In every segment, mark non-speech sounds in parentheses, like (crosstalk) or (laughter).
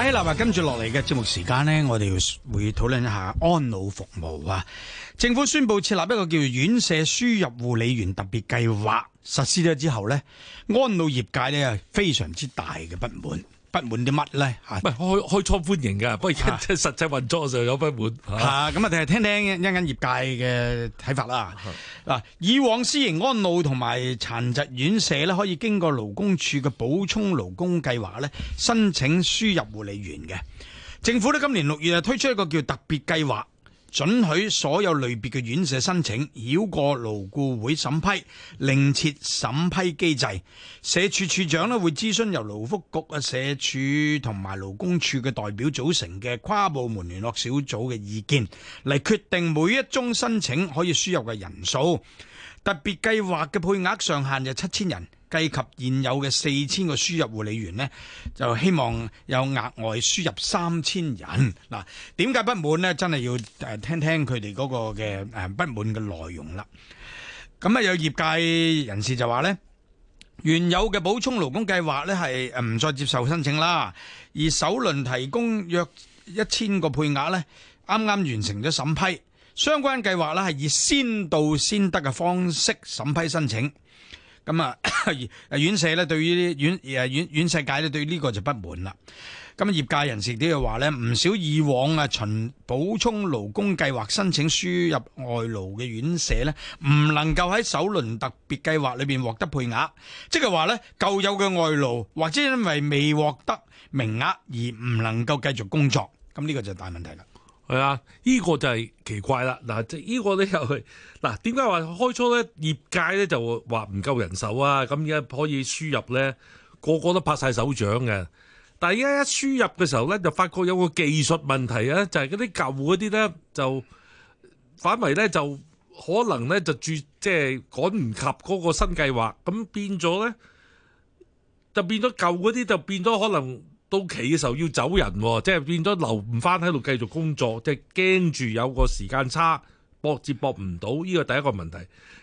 嗱，跟住落嚟嘅節目時間咧，我哋會討論一下安老服務啊。政府宣布設立一個叫做院舍輸入護理員特別計劃，實施咗之後咧，安老業界咧非常之大嘅不滿。不滿啲乜咧嚇？唔係開開初歡迎㗎，不過而家實際運作就有不滿嚇。咁的啊，睇下聽聽一間業界嘅睇法啦。嗱的，以往私營安老同埋殘疾院舍咧，可以經過勞工處嘅補充勞工計劃咧，申請輸入護理員嘅。政府咧今年六月啊，推出一個叫特別計劃。准許所有類別嘅院舍申請繞過勞顧會審批，另設審批機制。社署署長咧會諮詢由勞福局啊社署、同埋勞工處嘅代表組成嘅跨部門聯絡小組嘅意見，嚟決定每一宗申請可以輸入嘅人數。特別計劃嘅配額上限就七千人。計及現有嘅四千個輸入護理員呢就希望有額外輸入三千人。嗱，點解不滿呢？真係要誒聽聽佢哋嗰個嘅誒不滿嘅內容啦。咁啊，有業界人士就話呢，原有嘅補充勞工計劃呢係唔再接受申請啦，而首輪提供約一千個配額呢啱啱完成咗審批。相關計劃呢，係以先到先得嘅方式審批申請。咁啊， (coughs) 院舍呢對於院誒院院舍界呢，對呢個就不滿啦。咁啊，業界人士都要話呢，唔少以往啊，循補充勞工計劃申請輸入外勞嘅院舍呢，唔能夠喺首輪特別計劃裏邊獲得配額，即係話呢，舊有嘅外勞或者因為未獲得名額而唔能夠繼續工作，咁呢個就大問題啦。係、這個、啊，依個就係奇怪啦。嗱，即係依個咧又係，嗱，點解話開初咧業界咧就話唔夠人手啊？咁而家可以輸入咧，個個都拍晒手掌嘅。但係而家一輸入嘅時候咧，就發覺有個技術問題啊，就係嗰啲舊嗰啲咧就反為咧就可能咧就住即係、就是、趕唔及嗰個新計劃，咁變咗咧就變咗舊嗰啲就變咗可能。到期嘅時候要走人，即係變咗留唔翻喺度繼續工作，即係驚住有個時間差，駁接駁唔到，呢個第一個問題。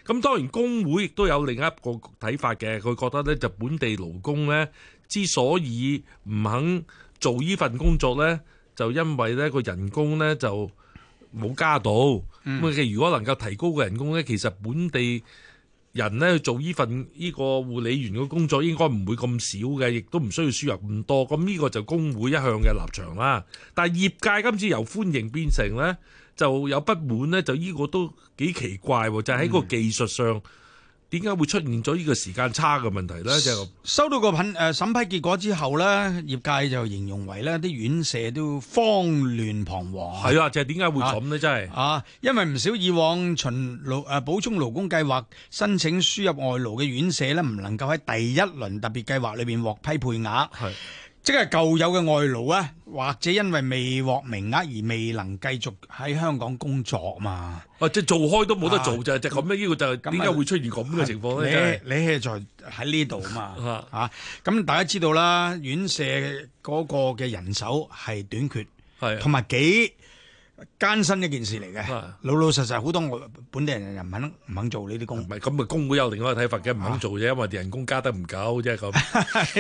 咁當然工會亦都有另一個睇法嘅，佢覺得呢，就本地勞工呢之所以唔肯做呢份工作呢，就因為呢個人工呢就冇加到。咁佢、嗯、如果能夠提高個人工呢，其實本地，人咧去做呢份呢個護理員嘅工作，應該唔會咁少嘅，亦都唔需要輸入咁多。咁呢個就工會一向嘅立場啦。但係業界今次由歡迎變成呢，就有不滿呢，就呢個都幾奇怪，就係喺個技術上。嗯點解會出現咗呢個時間差嘅問題呢？就係、收到個審誒審批結果之後呢，業界就形容為呢啲院舍都慌亂彷徨，徨。係啊，就係點解會咁呢？真係啊，啊，因為唔少以往巡勞誒補充勞工計劃申請輸入外勞嘅院舍呢，唔能夠喺第一輪特別計劃裏邊獲批配額。即係舊有嘅外勞啊，或者因為未獲名額而未能繼續喺香港工作嘛？啊，即、就、係、是、做開都冇得做啫，啊、就咁呢個就點解會出現咁嘅情況咧？你、就是、你係在喺呢度啊嘛？吓、 (laughs) 啊，咁大家知道啦，院舍嗰個嘅人手係短缺，係同埋幾。艱辛一件事嚟嘅，老、啊、老實實好多我本地人又唔肯唔肯做呢啲工。唔係咁咪工會有另外一個睇法嘅，唔肯做啫，因為人工加得唔夠即係咁。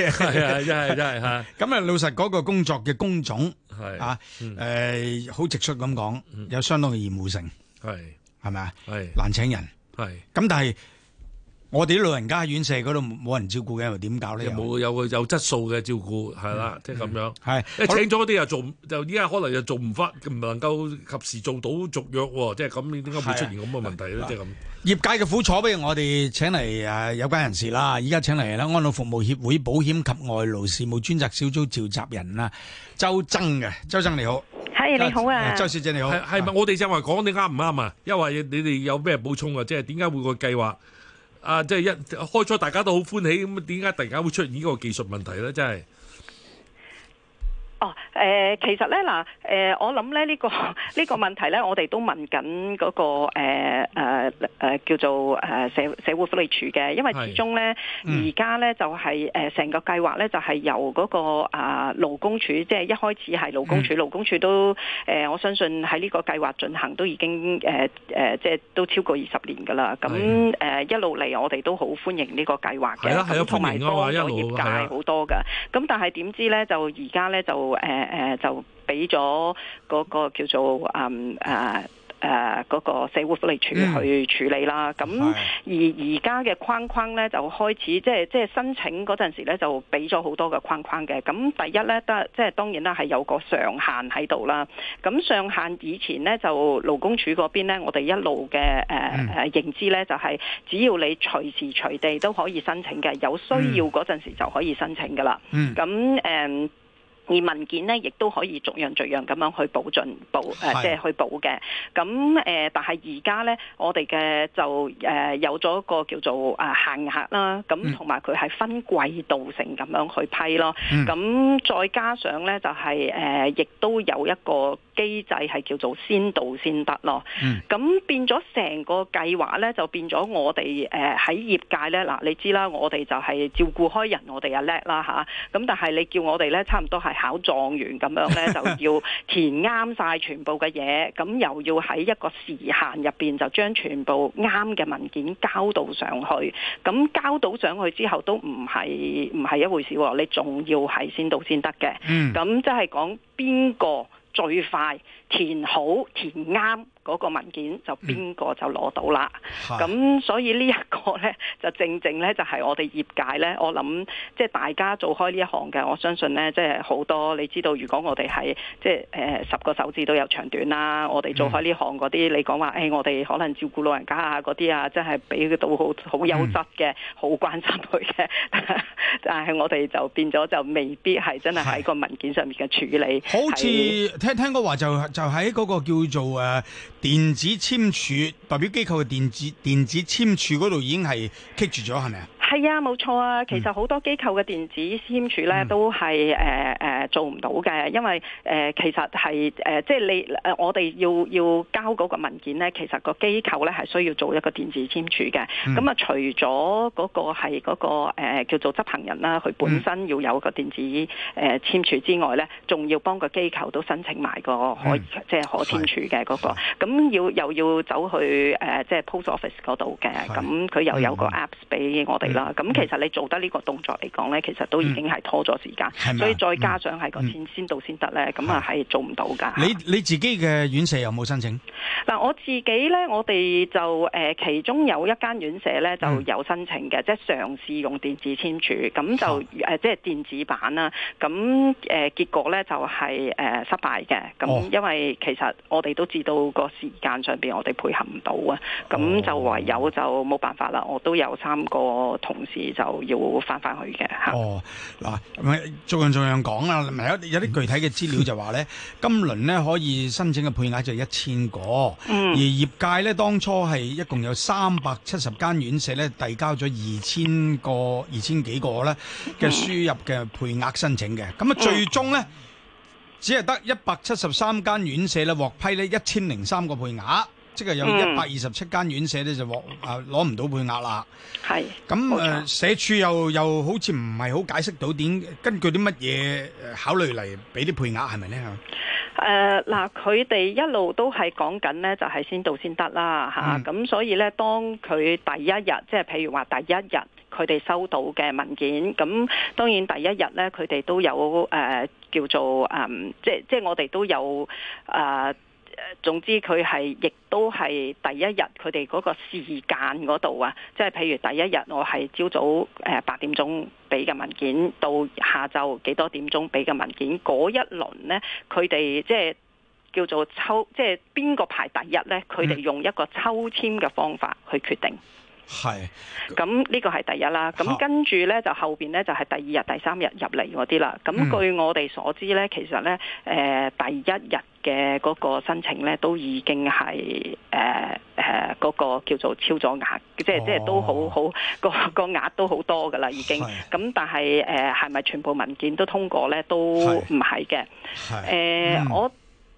係啊，真係真係吓。咁、嗯、啊，老實嗰個工作嘅工種係啊，誒，好直率咁講，有相當嘅厭惡性，係係咪啊？係、嗯、是難請人，係咁是但係。我哋啲老人家喺院舍嗰度冇人照顧嘅，又點搞呢？有冇有有質素嘅照顧係啦，嗯、即係咁樣。係是，誒請咗啲又做，就而家可能又做唔翻，唔能夠及時做到續約喎。即係咁，點解會出現咁嘅問題咧？的嗯、即係咁。業界嘅苦楚，不如我哋請嚟誒、啊、有關人士啦。而家請嚟啦，安老服務協會保險及外勞事務專責小組召集人啦，鄒錚嘅，鄒錚你好。係你好啊，鄒小姐你好。係咪我哋就話講啲啱唔啱啊？的因為你哋有咩補充啊？即係點解會個計劃？啊！即、就、係、是、一開初大家都好歡喜，咁點解突然間會出現呢個技術問題咧？真係。哦，其實咧嗱，誒，我諗咧呢個呢個問題咧，我哋都問緊嗰個誒誒叫做誒社社會福利署嘅，因為始終咧而家咧就係誒成個計劃咧就係由嗰個啊勞工處，即係一開始係勞工處，勞工處都誒，我相信喺呢個計劃進行都已經誒誒，即係都超過二十年㗎啦。咁誒一路嚟，我哋都好歡迎呢個計劃嘅，咁同埋多咗業界好多㗎。咁但係點知咧，就而家咧就～誒誒、呃，就俾咗嗰個叫做誒誒誒嗰社會福利署去處理啦。咁、嗯、而而家嘅框框咧，就開始即係即係申請嗰陣時咧，就俾咗好多嘅框框嘅。咁第一咧，得即係當然啦，係有個上限喺度啦。咁上限以前咧，就勞工處嗰邊咧，我哋一路嘅誒誒認知咧，就係只要你隨時隨地都可以申請嘅，有需要嗰陣時就可以申請噶啦。咁誒、嗯。嗯嗯而文件咧，亦都可以逐樣逐樣咁樣去補進補，誒、呃，即係去補嘅。咁誒、呃，但係而家咧，我哋嘅就誒、呃、有咗個叫做誒限額啦。咁同埋佢係分季度性咁樣去批咯。咁、嗯、再加上咧，就係、是、誒、呃，亦都有一個。機制係叫做先到先得咯，咁、嗯、變咗成個計劃咧，就變咗我哋誒喺業界咧嗱，你知啦，我哋就係照顧開人，我哋又叻啦吓，咁但係你叫我哋咧，差唔多係考狀元咁樣咧，就要填啱晒全部嘅嘢，咁 (laughs) 又要喺一個時限入邊就將全部啱嘅文件交到上去，咁交到上去之後都唔係唔係一回事喎，你仲要係先到先得嘅，咁即係講邊個？嗯最快填好填啱。嗰個文件就邊個就攞到啦？咁、嗯、所以呢一個呢，就正正呢，就係我哋業界呢。我諗即係大家做開呢一行嘅，我相信呢，即係好多你知道。如果我哋係即係、呃、十個手指都有長短啦，我哋做開呢行嗰啲，嗯、你講話誒，我哋可能照顧老人家啊嗰啲啊，真係俾到好好優質嘅，好、嗯、關心佢嘅。 (laughs) 但係我哋就變咗就未必係真係喺個文件上面嘅處理。好似是聽聽講話就就喺嗰個叫做誒。電子簽署代表機構嘅電子電子簽署嗰度已經係棘住咗，係咪啊？係啊，冇錯啊。其實好多機構嘅電子簽署咧，都係誒誒做唔到嘅，因為誒、呃、其實係誒、呃、即係你誒、呃、我哋要要交嗰個文件咧，其實個機構咧係需要做一個電子簽署嘅。咁啊、嗯，除咗嗰個係嗰個、呃、叫做執行人啦，佢本身要有個電子誒、呃、簽署之外咧，仲要幫個機構都申請埋個可以，嗯、可即係可簽署嘅嗰個。咁要又要走去誒、呃、即係 post office 嗰度嘅，咁、嗯、佢又有個 apps 俾我哋。啦，咁、嗯、其實你做得呢個動作嚟講咧，其實都已經係拖咗時間，是是所以再加上係個先先、嗯、到先得咧，咁啊係做唔到㗎。你你自己嘅院舍有冇申請？嗱，我自己咧，我哋就誒、呃、其中有一間院舍咧就有申請嘅，嗯、即係嘗試用電子簽署，咁就誒、啊呃、即係電子版啦。咁誒、呃、結果咧就係、是、誒、呃、失敗嘅，咁因為其實我哋都知道個時間上邊我哋配合唔到啊，咁就唯有就冇辦法啦。我都有三個。同時就要翻返去嘅嚇。哦，嗱，逐樣逐樣講啊，有有啲具體嘅資料就話呢， (laughs) 今輪咧可以申請嘅配額就一千個，嗯、而業界咧當初係一共有三百七十間院舍，呢遞交咗二千個二千幾個咧嘅輸入嘅配額申請嘅，咁啊、嗯、最終呢，只係得一百七十三間院舍，呢獲批呢一千零三個配額。即係有一百二十七間院舍，咧，就獲啊攞唔到配額啦。係咁誒，嗯、錯社署又又好似唔係好解釋到點，根據啲乜嘢誒考慮嚟俾啲配額係咪咧？誒嗱，佢哋、呃呃、一路都係講緊咧，就係先到先得啦嚇。咁、啊嗯啊、所以咧，當佢第一日，即係譬如話第一日，佢哋收到嘅文件，咁當然第一日咧，佢哋都有誒、呃、叫做嗯，即即我哋都有啊。總之佢係，亦都係第一日佢哋嗰個時間嗰度啊，即係譬如第一日我係朝早誒八點鐘俾嘅文件，到下晝幾多點鐘俾嘅文件，嗰一輪呢，佢哋即係叫做抽，即係邊個排第一呢？佢哋用一個抽簽嘅方法去決定。係，咁呢、啊、個係第一啦，咁跟住咧就後邊咧就係、是、第二日、第三日入嚟嗰啲啦。咁據我哋所知咧，其實咧，誒、呃、第一日嘅嗰個申請咧都已經係誒誒嗰個叫做超咗額，即係即係都好好個個額都好多噶啦，已經。咁是但係誒係咪全部文件都通過咧？都唔係嘅。誒，呃嗯、我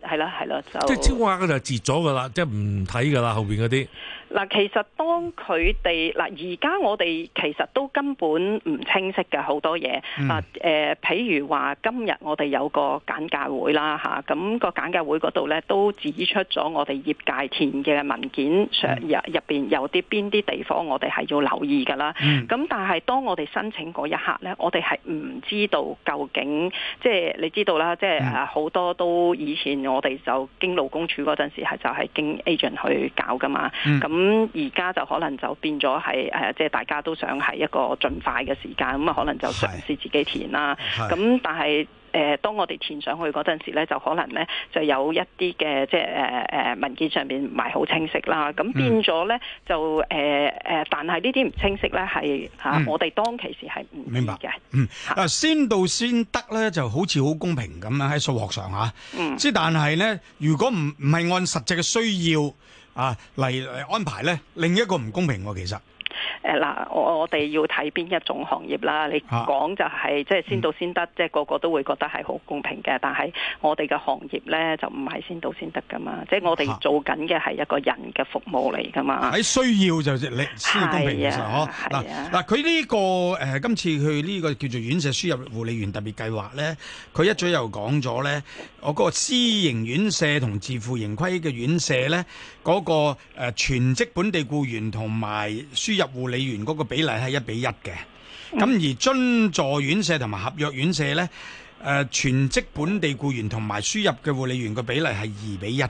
係啦係啦，就即係超額嘅就截咗噶啦，即係唔睇噶啦，後邊嗰啲。嗱，其實當佢哋嗱，而家我哋其實都根本唔清晰嘅，好多嘢啊。誒、嗯呃、譬如話今日我哋有個簡介會啦，吓、啊、咁、個簡介會嗰度咧都指出咗我哋業界填嘅文件上入入邊有啲邊啲地方我哋係要留意㗎啦。咁、嗯、但係當我哋申請嗰一刻咧，我哋係唔知道究竟即係你知道啦，即係好多都以前我哋就經勞工處嗰陣時係就係經 agent 去搞㗎嘛。咁、嗯嗯咁而家就，、呃、就可能就變咗係誒，即係大家都想係一個盡快嘅時間，咁啊可能就嘗試自己填啦。咁但係誒，當我哋填上去嗰陣時咧，就可能咧就有一啲嘅即係誒誒文件上邊唔係好清晰啦。咁變咗咧、嗯、就誒誒、呃，但係呢啲唔清晰咧係嚇，啊嗯、我哋當其時係唔明白嘅。嗯，啊先到先得咧，就好似好公平咁樣，喺數學上嚇。即、嗯、但係咧，如果唔唔係按實際嘅需要。啊！嚟嚟安排咧，另一個唔公平，其實。誒嗱，我我哋要睇邊一種行業啦？你講就係即係先到先得，即係個個都會覺得係好公平嘅。但係我哋嘅行業咧就唔係先到先得噶嘛，即係我哋做緊嘅係一個人嘅服務嚟噶嘛。喺需要就係你先公平嘅嗬。嗱佢呢個誒今次去呢個叫做院舍輸入護理員特別計劃咧，佢一早又講咗咧，我嗰個私營院舍同自負盈虧嘅院舍咧，嗰、誒個全職本地僱員同埋輸入。護理員嗰個比例係一比一嘅，咁而津助院舍同埋合約院舍呢，誒、呃、全職本地僱員同埋輸入嘅護理員個比例係二比一嘅，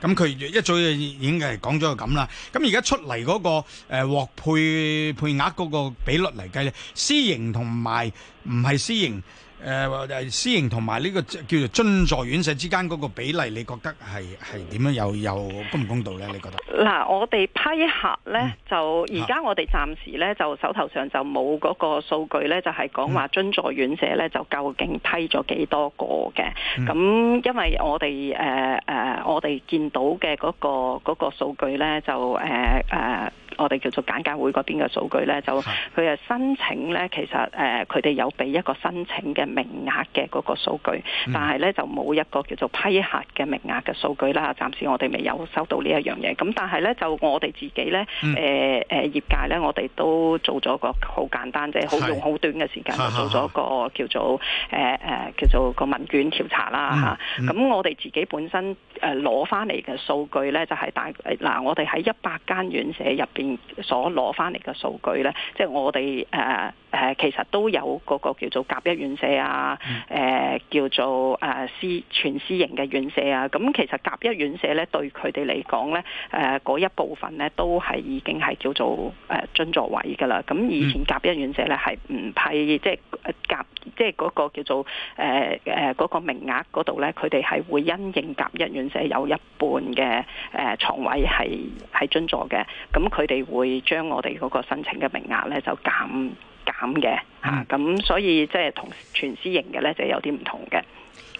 咁佢一早已經係講咗個咁啦，咁而家出嚟嗰、那個誒獲、呃、配配額嗰個比率，嚟計呢，私營同埋唔係私營。誒誒、呃，私營同埋呢個叫做津助院舍之間嗰個比例，你覺得係係點樣有？又又公唔公道咧？你覺得？嗱，我哋批核咧，就而家我哋暫時咧，就手頭上就冇嗰個數據咧，就係、是、講話津助院舍咧，就究竟批咗幾多個嘅？咁因為我哋誒誒，我哋見到嘅嗰、那個嗰、那個數據咧，就誒誒。呃呃我哋叫做簡介會嗰邊嘅數據咧，就佢係申請咧，其實誒佢哋有俾一個申請嘅名額嘅嗰個數據，但係咧就冇一個叫做批核嘅名額嘅數據啦。暫時我哋未有收到呢一樣嘢。咁但係咧就我哋自己咧誒誒業界咧，我哋都做咗個好簡單啫，好用好短嘅時間就做咗個叫做誒誒、呃、叫做個問卷調查啦嚇。咁、啊、我哋自己本身誒攞翻嚟嘅數據咧，就係、是、大嗱、呃、我哋喺一百間院舍入邊。所攞翻嚟嘅數據咧，即係我哋誒。Uh 誒其實都有嗰個叫做甲一院舍啊，誒、呃、叫做誒、呃、私全私營嘅院舍啊。咁、嗯、其實甲一院舍咧對佢哋嚟講咧，誒、呃、嗰一部分咧都係已經係叫做誒津助位㗎啦。咁、嗯、以前甲一院舍咧係唔批，即係甲，即係嗰個叫做誒誒嗰個名額嗰度咧，佢哋係會因應甲一院舍有一半嘅誒、呃、床位係係津助嘅，咁佢哋會將我哋嗰個申請嘅名額咧就減。咁嘅嚇，咁所以即係同全私營嘅咧，就有啲唔同嘅。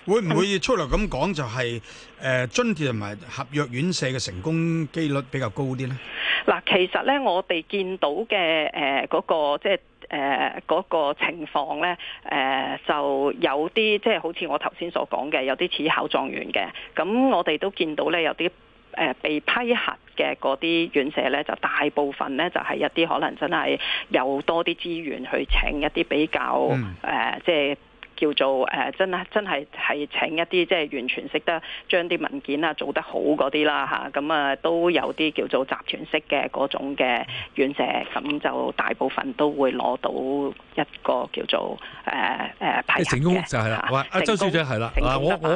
會唔會粗略咁講，就係誒津貼同埋合約院舍嘅成功機率比較高啲咧？嗱，其實咧，我哋見到嘅誒嗰個即係誒嗰個情況咧，誒就有啲即係好似我頭先所講嘅，有啲似考狀元嘅。咁我哋都見到咧，有啲。呃、被批核嘅嗰啲院舍呢，就大部分呢，就係、是、一啲可能真係有多啲資源去請一啲比較誒、嗯呃，即係。叫做誒，真係真係係請一啲即係完全識得將啲文件啊做得好嗰啲啦嚇，咁啊都有啲叫做集團式嘅嗰種嘅院舍，咁就大部分都會攞到一個叫做誒誒牌照嘅。成功就係啦，阿周小姐係啦，嗱，我我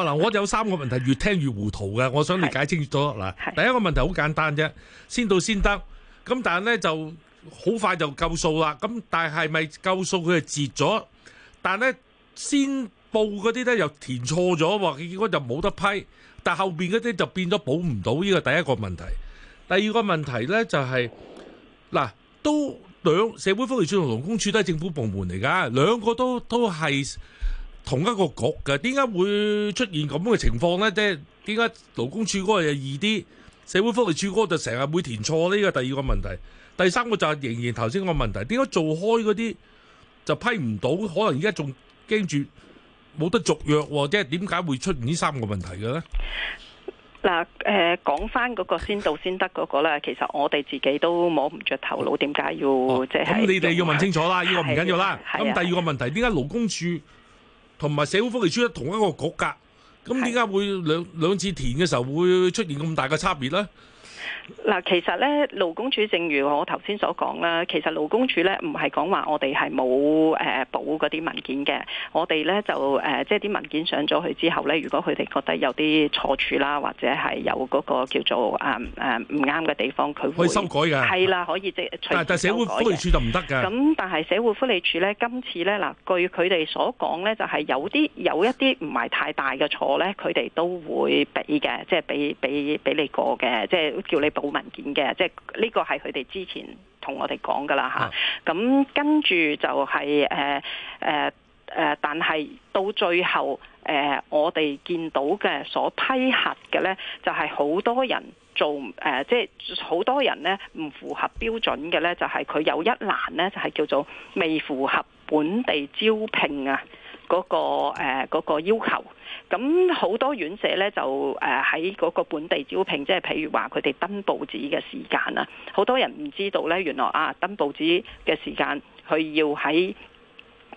我，嗱，我有三個問題，越聽越糊塗嘅，我想你解釋清楚嗱。第一個問題好簡單啫，先到先得咁，但係咧就好快就夠數啦。咁但係係咪夠數佢就截咗？但係先報嗰啲呢，又填錯咗，佢結果就冇得批。但係後邊嗰啲就變咗補唔到呢個第一個問題。第二個問題呢，就係，嗱，都兩社會福利處同勞工處都係政府部門嚟噶，兩個都都係同一個局嘅。點解會出現咁嘅情況呢？即係點解勞工處嗰個又易啲，社會福利處嗰個就成日會填錯呢個第二個問題。第三個就係仍然頭先個問題，點解做開嗰啲？就批唔到，可能而家仲驚住冇得續約啫。即係點解會出現呢三個問題嘅咧？嗱、呃，誒講翻嗰個先到先得嗰個咧， (laughs) 其實我哋自己都摸唔着頭腦，啊，點解要即係咁？你哋要問清楚啦，呢、呢個唔緊要啦。咁第二個問題，點解勞工處同埋社會福利處喺同一個局格，咁點解會兩兩次填嘅時候會出現咁大嘅差別咧？嗱，其實咧勞工處正如我頭先所講啦，其實勞工處咧唔係講話我哋係冇誒補嗰啲文件嘅，我哋咧就誒即係啲文件上咗去之後咧，如果佢哋覺得有啲錯處啦，或者係有嗰個叫做誒誒唔啱嘅地方，佢會修改嘅，係啦，可以即係隨便。但係社會福利處就唔得㗎。咁但係社會福利處咧，今次咧嗱，據佢哋所講咧，就係、是、有啲有一啲唔係太大嘅錯咧，佢哋都會俾嘅，即係俾俾俾你過嘅，即係叫你，到文件嘅，即係呢個係佢哋之前同我哋講噶啦吓，咁、啊嗯、跟住就係誒誒誒，但係到最後誒、呃、我哋見到嘅所批核嘅咧，就係、是、好多人做誒、呃、即係好多人咧唔符合標準嘅咧，就係、是、佢有一欄咧，就係、是、叫做未符合本地招聘啊。嗰個誒嗰個要求，咁好多院舍咧就誒喺嗰個本地招聘，即係譬如話佢哋登報紙嘅時間啊，好多人唔知道咧，原來啊登報紙嘅時間佢要喺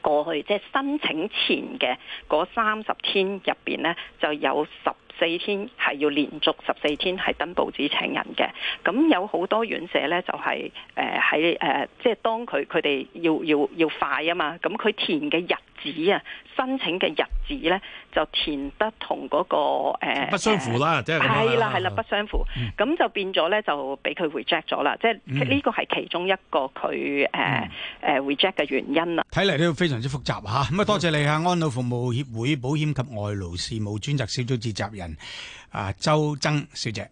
過去即係申請前嘅嗰三十天入邊咧，就有十四天係要連續十四天係登報紙請人嘅。咁有好多院舍咧就係誒喺誒，即係當佢佢哋要要要快啊嘛，咁佢填嘅日紙啊，申請嘅日子咧就填得同嗰，那個誒不相符啦，呃、即係係啦係啦不相符，咁，嗯、就變咗咧就俾佢 reject 咗啦，即係呢個係其中一個佢誒誒 reject 嘅原因啦。睇嚟，呢個非常之複雜吓，咁啊多謝你啊，安老服務協會保險及外勞事務專責小組召集人啊，呃、鄒錚小姐。